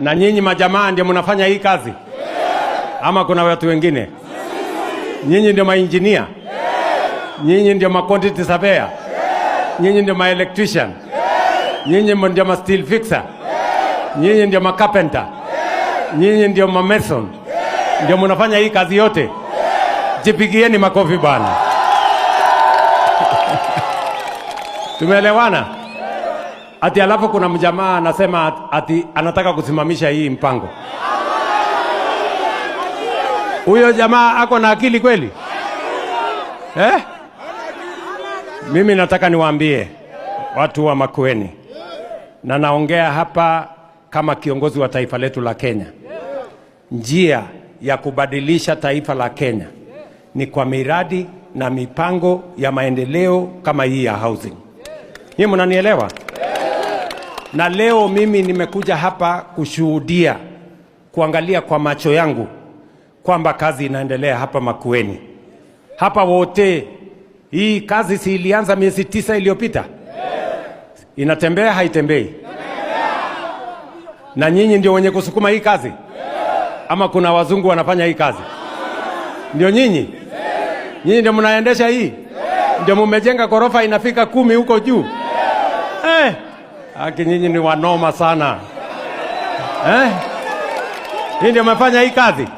na nyinyi majamaa ndio mnafanya hii kazi ama kuna watu wengine? Nyinyi ndio mainjinia, nyinyi ndio ma quantity surveyor, nyinyi ndio ma electrician, nyinyi ndio ma steel fixer, nyinyi ndio ma carpenter, nyinyi ndio ma mason, ndio mnafanya hii kazi yote. Jipigieni makofi bwana. Tumeelewana? ati alafu kuna mjamaa anasema ati anataka kusimamisha hii mpango. Huyo jamaa ako na akili kweli eh? Mimi nataka niwaambie watu wa Makueni, na naongea hapa kama kiongozi wa taifa letu la Kenya, njia ya kubadilisha taifa la Kenya ni kwa miradi na mipango ya maendeleo kama hii ya housing. Nyinyi mnanielewa? na leo mimi nimekuja hapa kushuhudia, kuangalia kwa macho yangu kwamba kazi inaendelea hapa Makueni hapa wote. Hii kazi si ilianza miezi tisa iliyopita? Inatembea haitembei? Na nyinyi ndio wenye kusukuma hii kazi ama kuna wazungu wanafanya hii kazi? Ndio nyinyi, nyinyi ndio mnaendesha hii, ndio mumejenga ghorofa inafika kumi huko juu eh. Aki nyinyi ni wanoma sana eh? Hii ndio umefanya hii kazi.